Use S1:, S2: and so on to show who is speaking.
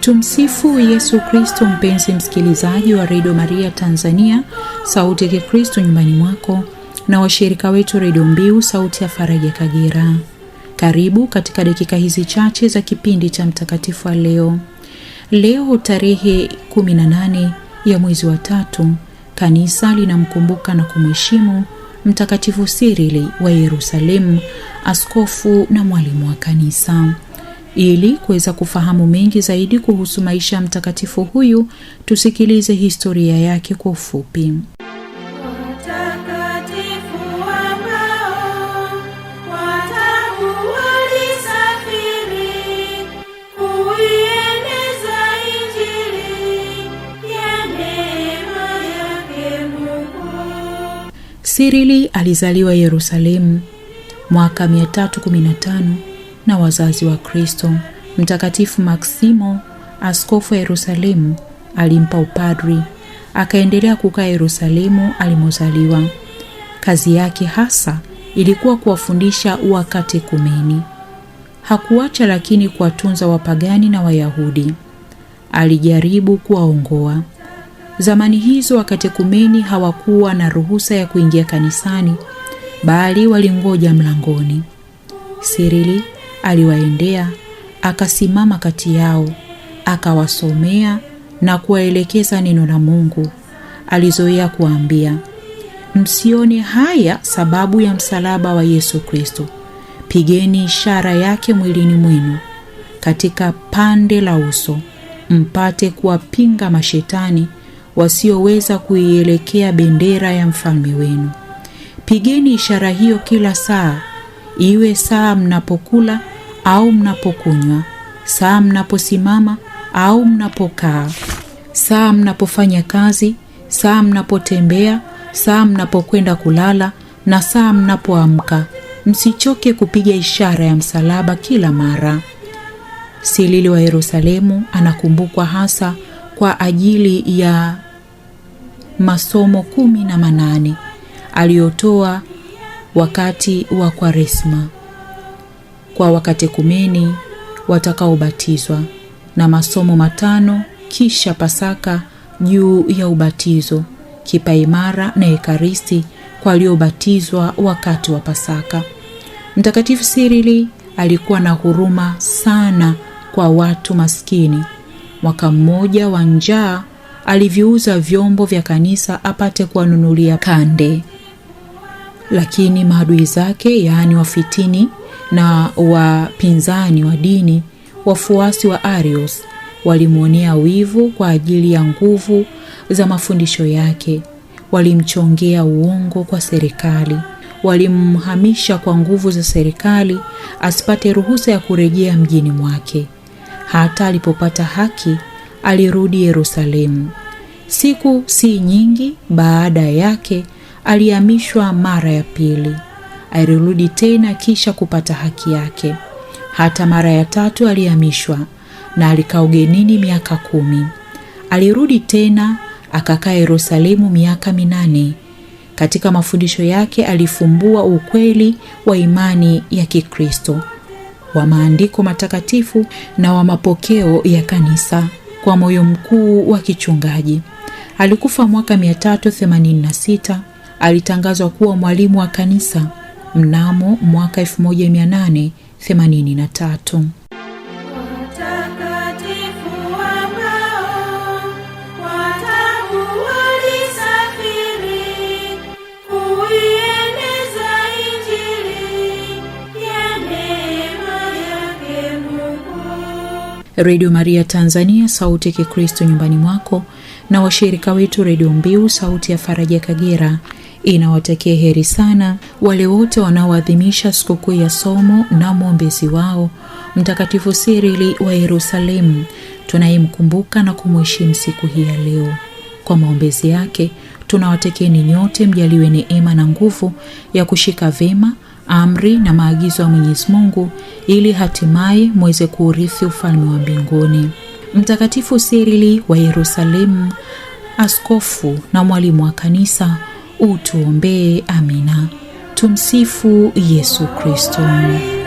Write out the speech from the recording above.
S1: Tumsifu Yesu Kristo. Mpenzi msikilizaji wa Redio Maria Tanzania, sauti ya Kikristo nyumbani mwako, na washirika wetu Redio Mbiu sauti ya Faraja Kagera, karibu katika dakika hizi chache za kipindi cha Mtakatifu wa leo. Leo tarehe 18 ya mwezi wa tatu, kanisa linamkumbuka na kumheshimu Mtakatifu Sirili wa Yerusalemu, askofu na mwalimu wa kanisa. Ili kuweza kufahamu mengi zaidi kuhusu maisha ya mtakatifu huyu, tusikilize historia yake kwa ufupi. Sirili alizaliwa Yerusalemu mwaka 315 na wazazi wa Kristo. Mtakatifu Maksimo, askofu wa Yerusalemu, alimpa upadri, akaendelea kukaa Yerusalemu alimozaliwa. Kazi yake hasa ilikuwa kuwafundisha wakatekumeni. Hakuacha lakini kuwatunza wapagani na Wayahudi. Alijaribu kuwaongoa. Zamani hizo wakatekumeni hawakuwa na ruhusa ya kuingia kanisani, bali walingoja mlangoni. Sirili aliwaendea akasimama kati yao akawasomea na kuwaelekeza neno la Mungu alizoea kuwaambia, msione haya sababu ya msalaba wa Yesu Kristo, pigeni ishara yake mwilini mwenu katika pande la uso, mpate kuwapinga mashetani wasioweza kuielekea bendera ya mfalme wenu. Pigeni ishara hiyo kila saa iwe saa mnapokula au mnapokunywa, saa mnaposimama au mnapokaa, saa mnapofanya kazi, saa mnapotembea, saa mnapokwenda kulala na saa mnapoamka. Msichoke kupiga ishara ya msalaba kila mara. Silili wa Yerusalemu anakumbukwa hasa kwa ajili ya masomo kumi na manane aliyotoa wakati wa Kwaresma kwa kumeni watakaobatizwa na masomo matano kisha Pasaka juu ya ubatizo, kipaimara na Ekaristi kwa waliobatizwa wakati wa Pasaka. Mtakatifu Sirili alikuwa na huruma sana kwa watu maskini. Mwaka mmoja wa njaa aliviuza vyombo vya kanisa apate kuwanunulia kande lakini maadui zake, yaani wafitini na wapinzani wa dini, wafuasi wa arios walimwonea wivu kwa ajili ya nguvu za mafundisho yake, walimchongea uongo kwa serikali, walimhamisha kwa nguvu za serikali asipate ruhusa ya kurejea mjini mwake. Hata alipopata haki, alirudi Yerusalemu. Siku si nyingi baada yake alihamishwa mara ya pili. Alirudi tena kisha kupata haki yake. Hata mara ya tatu alihamishwa na alikaa ugenini miaka kumi. Alirudi tena akakaa Yerusalemu miaka minane. Katika mafundisho yake alifumbua ukweli wa imani ya Kikristo, wa maandiko matakatifu na wa mapokeo ya kanisa kwa moyo mkuu wa kichungaji. Alikufa mwaka 386 alitangazwa kuwa mwalimu wa kanisa mnamo mwaka 1883. Redio Maria Tanzania, sauti ya Kikristo nyumbani mwako, na washirika wetu Redio Mbiu, sauti ya Faraja Kagera Inawatakia heri sana wale wote wanaoadhimisha sikukuu ya somo na mwombezi wao Mtakatifu Sirili wa Yerusalemu, tunayemkumbuka na kumwheshimu siku hii ya leo. Kwa maombezi yake tunawatekeni nyote mjaliwe neema na nguvu ya kushika vema amri na maagizo ya Mwenyezi Mungu ili hatimaye mweze kuurithi ufalme wa mbinguni. Mtakatifu Sirili wa Yerusalemu, askofu na mwalimu wa kanisa utuombee. Amina. Tumsifu Yesu Kristo.